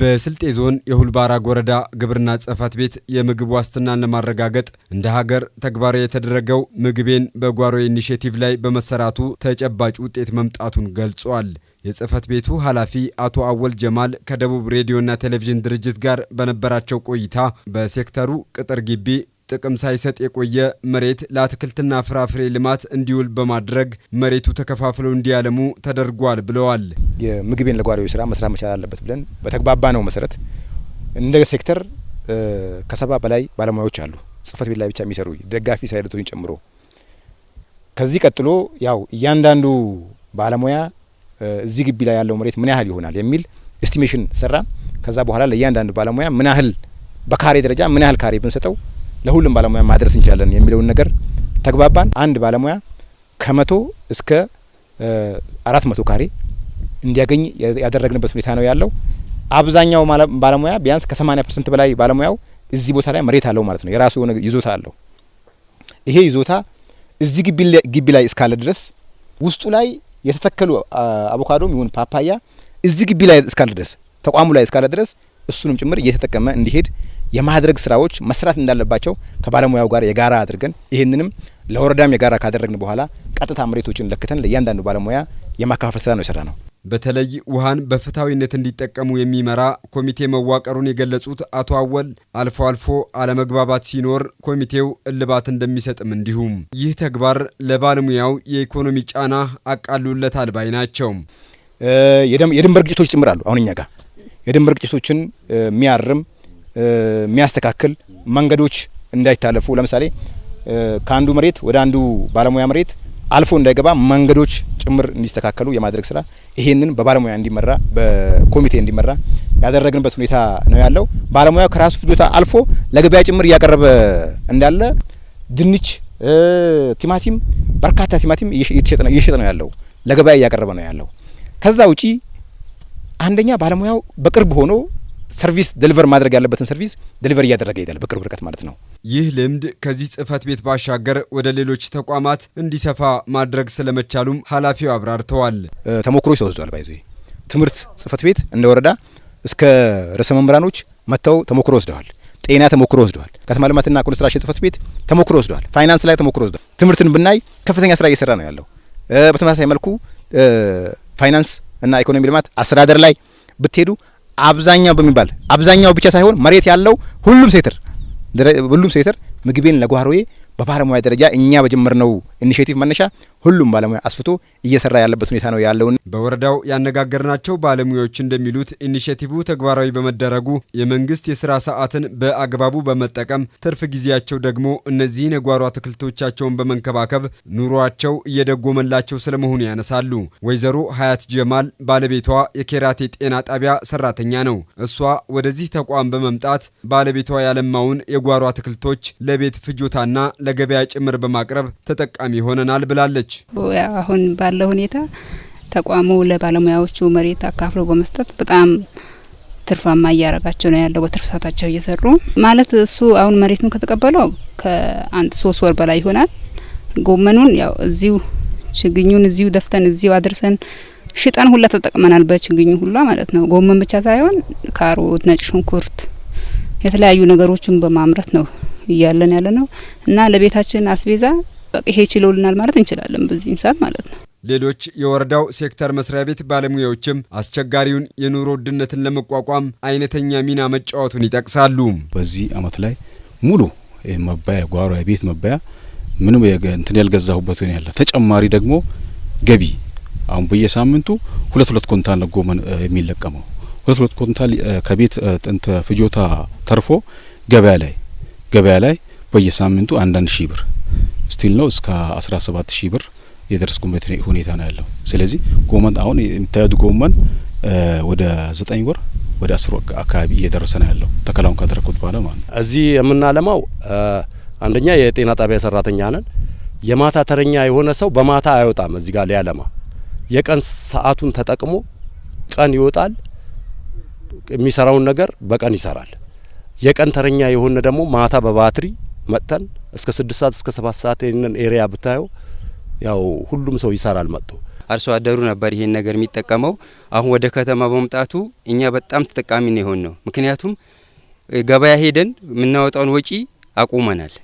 በስልጤ ዞን የሁልባራግ ወረዳ ግብርና ጽሕፈት ቤት የምግብ ዋስትናን ለማረጋገጥ እንደ ሀገር ተግባራዊ የተደረገው ምግቤን በጓሮ ኢኒሽቲቭ ላይ በመሰራቱ ተጨባጭ ውጤት መምጣቱን ገልጿል። የጽሕፈት ቤቱ ኃላፊ አቶ አወል ጀማል ከደቡብ ሬዲዮና ቴሌቪዥን ድርጅት ጋር በነበራቸው ቆይታ በሴክተሩ ቅጥር ግቢ ጥቅም ሳይሰጥ የቆየ መሬት ለአትክልትና ፍራፍሬ ልማት እንዲውል በማድረግ መሬቱ ተከፋፍለው እንዲያለሙ ተደርጓል ብለዋል። የምግብን ለጓሪዎች ስራ መስራት መቻል አለበት ብለን በተግባባ ነው መሰረት እንደ ሴክተር ከሰባ በላይ ባለሙያዎች አሉ። ጽህፈት ቤት ላይ ብቻ የሚሰሩ ደጋፊ ሳይለቶችን ጨምሮ ከዚህ ቀጥሎ ያው እያንዳንዱ ባለሙያ እዚህ ግቢ ላይ ያለው መሬት ምን ያህል ይሆናል የሚል ኤስቲሜሽን ሰራ። ከዛ በኋላ ለእያንዳንዱ ባለሙያ ምን ያህል በካሬ ደረጃ ምን ያህል ካሬ ብንሰጠው ለሁሉም ባለሙያ ማድረስ እንችላለን የሚለውን ነገር ተግባባን። አንድ ባለሙያ ከመቶ እስከ አራት መቶ ካሬ እንዲያገኝ ያደረግንበት ሁኔታ ነው ያለው። አብዛኛው ባለሙያ ቢያንስ ከሰማኒያ ፐርሰንት በላይ ባለሙያው እዚህ ቦታ ላይ መሬት አለው ማለት ነው። የራሱ የሆነ ይዞታ አለው። ይሄ ይዞታ እዚህ ግቢ ላይ እስካለ ድረስ ውስጡ ላይ የተተከሉ አቮካዶም ይሁን ፓፓያ እዚህ ግቢ ላይ እስካለ ድረስ ተቋሙ ላይ እስካለ ድረስ እሱንም ጭምር እየተጠቀመ እንዲሄድ የማድረግ ስራዎች መስራት እንዳለባቸው ከባለሙያው ጋር የጋራ አድርገን ይህንንም ለወረዳም የጋራ ካደረግን በኋላ ቀጥታ መሬቶችን ለክተን ለእያንዳንዱ ባለሙያ የማካፈል ስራ ነው የሰራ ነው። በተለይ ውሃን በፍትሐዊነት እንዲጠቀሙ የሚመራ ኮሚቴ መዋቀሩን የገለጹት አቶ አወል አልፎ አልፎ አለመግባባት ሲኖር ኮሚቴው እልባት እንደሚሰጥም እንዲሁም ይህ ተግባር ለባለሙያው የኢኮኖሚ ጫና አቃሉለታል ባይ ናቸው። የድንበር ግጭቶች ጭምር አሉ አሁን እኛ ጋር የድንበር ግጭቶችን የሚያርም የሚያስተካክል መንገዶች እንዳይታለፉ ለምሳሌ ከአንዱ መሬት ወደ አንዱ ባለሙያ መሬት አልፎ እንዳይገባ መንገዶች ጭምር እንዲስተካከሉ የማድረግ ስራ ይሄንን በባለሙያ እንዲመራ በኮሚቴ እንዲመራ ያደረግንበት ሁኔታ ነው ያለው። ባለሙያው ከራሱ ፍጆታ አልፎ ለገበያ ጭምር እያቀረበ እንዳለ ድንች፣ ቲማቲም፣ በርካታ ቲማቲም እየሸጠ ነው ያለው፣ ለገበያ እያቀረበ ነው ያለው። ከዛ ውጪ አንደኛ ባለሙያው በቅርብ ሆኖ ሰርቪስ ዴሊቨር ማድረግ ያለበትን ሰርቪስ ዴሊቨር እያደረገ ይሄዳል፣ በቅርብ ርቀት ማለት ነው። ይህ ልምድ ከዚህ ጽህፈት ቤት ባሻገር ወደ ሌሎች ተቋማት እንዲሰፋ ማድረግ ስለመቻሉም ኃላፊው አብራርተዋል። ተሞክሮ ተወስዷል። ባይዘ ትምህርት ጽህፈት ቤት እንደ ወረዳ እስከ ርዕሰ መምህራኖች መጥተው ተሞክሮ ወስደዋል። ጤና ተሞክሮ ወስደዋል። ከተማ ልማትና ኮንስትራክሽን ጽህፈት ቤት ተሞክሮ ወስደዋል። ፋይናንስ ላይ ተሞክሮ ወስደዋል። ትምህርትን ብናይ ከፍተኛ ስራ እየሰራ ነው ያለው። በተመሳሳይ መልኩ ፋይናንስ እና ኢኮኖሚ ልማት አስተዳደር ላይ ብትሄዱ አብዛኛው በሚባል አብዛኛው ብቻ ሳይሆን መሬት ያለው ሁሉም ሴክተር ሁሉም ሴክተር ምግቤን ለጓሮዬ በባለሙያ ደረጃ እኛ በጀመርነው ኢኒሽቲቭ መነሻ ሁሉም ባለሙያ አስፍቶ እየሰራ ያለበት ሁኔታ ነው ያለውን በወረዳው ያነጋገርናቸው ባለሙያዎች እንደሚሉት ኢኒሽቲቭ ተግባራዊ በመደረጉ የመንግስት የስራ ሰዓትን በአግባቡ በመጠቀም ትርፍ ጊዜያቸው ደግሞ እነዚህን የጓሮ አትክልቶቻቸውን በመንከባከብ ኑሯቸው እየደጎመላቸው ስለመሆኑ ያነሳሉ። ወይዘሮ ሀያት ጀማል ባለቤቷ የኬራቴ ጤና ጣቢያ ሰራተኛ ነው። እሷ ወደዚህ ተቋም በመምጣት ባለቤቷ ያለማውን የጓሮ አትክልቶች ለቤት ፍጆታና ለገበያ ጭምር በማቅረብ ተጠቃሚ ይሆነናል ብላለች። አሁን ባለው ሁኔታ ተቋሙ ለባለሙያዎቹ መሬት አካፍሎ በመስጠት በጣም ትርፋማ እያረጋቸው ነው ያለው። በትርፍ ሰዓታቸው እየሰሩ ማለት እሱ አሁን መሬቱን ከተቀበለው ከአንድ ሶስት ወር በላይ ይሆናል። ጎመኑን ያው እዚሁ ችግኙን እዚሁ ደፍተን እዚሁ አድርሰን ሽጠን ሁላ ተጠቅመናል። በችግኙ ሁላ ማለት ነው። ጎመን ብቻ ሳይሆን ካሮት፣ ነጭ ሽንኩርት፣ የተለያዩ ነገሮችን በማምረት ነው እያለን ያለ ነው እና ለቤታችን አስቤዛ በቃ ይሄ ችሎልናል ማለት እንችላለን በዚህን ሰዓት ማለት ነው። ሌሎች የወረዳው ሴክተር መስሪያ ቤት ባለሙያዎችም አስቸጋሪውን የኑሮ ውድነትን ለመቋቋም አይነተኛ ሚና መጫወቱን ይጠቅሳሉ። በዚህ አመት ላይ ሙሉ መባያ ጓሮ የቤት መባያ ምንም እንትን ያልገዛሁበት ሆን ያለ ተጨማሪ ደግሞ ገቢ አሁን በየሳምንቱ ሁለት ሁለት ኮንታል ለጎመን የሚለቀመው ሁለት ሁለት ኮንታል ከቤት ጥንት ፍጆታ ተርፎ ገበያ ላይ ገበያ ላይ በየሳምንቱ አንዳንድ ሺህ ብር ስቲል ነው እስከ 17 ሺህ ብር የደረስኩበት ሁኔታ ነው ያለው። ስለዚህ ጎመን አሁን የምታዩት ጎመን ወደ ዘጠኝ ወር ወደ አስር ወር አካባቢ እየደረሰ ነው ያለው ተከላውን ካደረግኩት በኋላ ማለት ነው። እዚህ የምናለማው አንደኛ የጤና ጣቢያ ሰራተኛ ነን። የማታ ተረኛ የሆነ ሰው በማታ አይወጣም እዚህ ጋር ሊያለማ፣ የቀን ሰዓቱን ተጠቅሞ ቀን ይወጣል። የሚሰራውን ነገር በቀን ይሰራል። የቀን ተረኛ የሆነ ደግሞ ማታ በባትሪ መጥተን እስከ ስድስት ሰዓት እስከ ሰባት ሰዓት ይህንን ኤሪያ ብታዩ ያው ሁሉም ሰው ይሰራል መጥቶ አርሶ አደሩ ነበር ይሄን ነገር የሚጠቀመው። አሁን ወደ ከተማ በመምጣቱ እኛ በጣም ተጠቃሚ ነው የሆን ነው። ምክንያቱም ገበያ ሄደን የምናወጣውን ወጪ አቁመናል።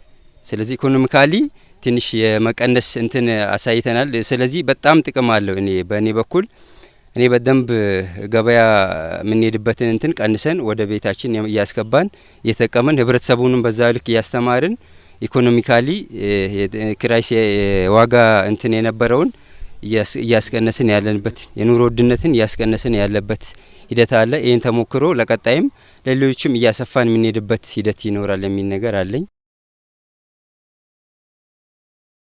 ስለዚህ ኢኮኖሚካሊ ትንሽ የመቀነስ እንትን አሳይተናል። ስለዚህ በጣም ጥቅም አለው። እኔ በእኔ በኩል እኔ በደንብ ገበያ የምንሄድበትን እንትን ቀንሰን ወደ ቤታችን እያስገባን እየተጠቀመን ህብረተሰቡንም በዛ ልክ እያስተማርን ኢኮኖሚካሊ ክራይ ዋጋ እንትን የነበረውን እያስቀነስን ያለንበት የኑሮ ውድነትን እያስቀነስን ያለበት ሂደት አለ። ይህን ተሞክሮ ለቀጣይም ለሌሎችም እያሰፋን የምንሄድበት ሂደት ይኖራል የሚል ነገር አለኝ።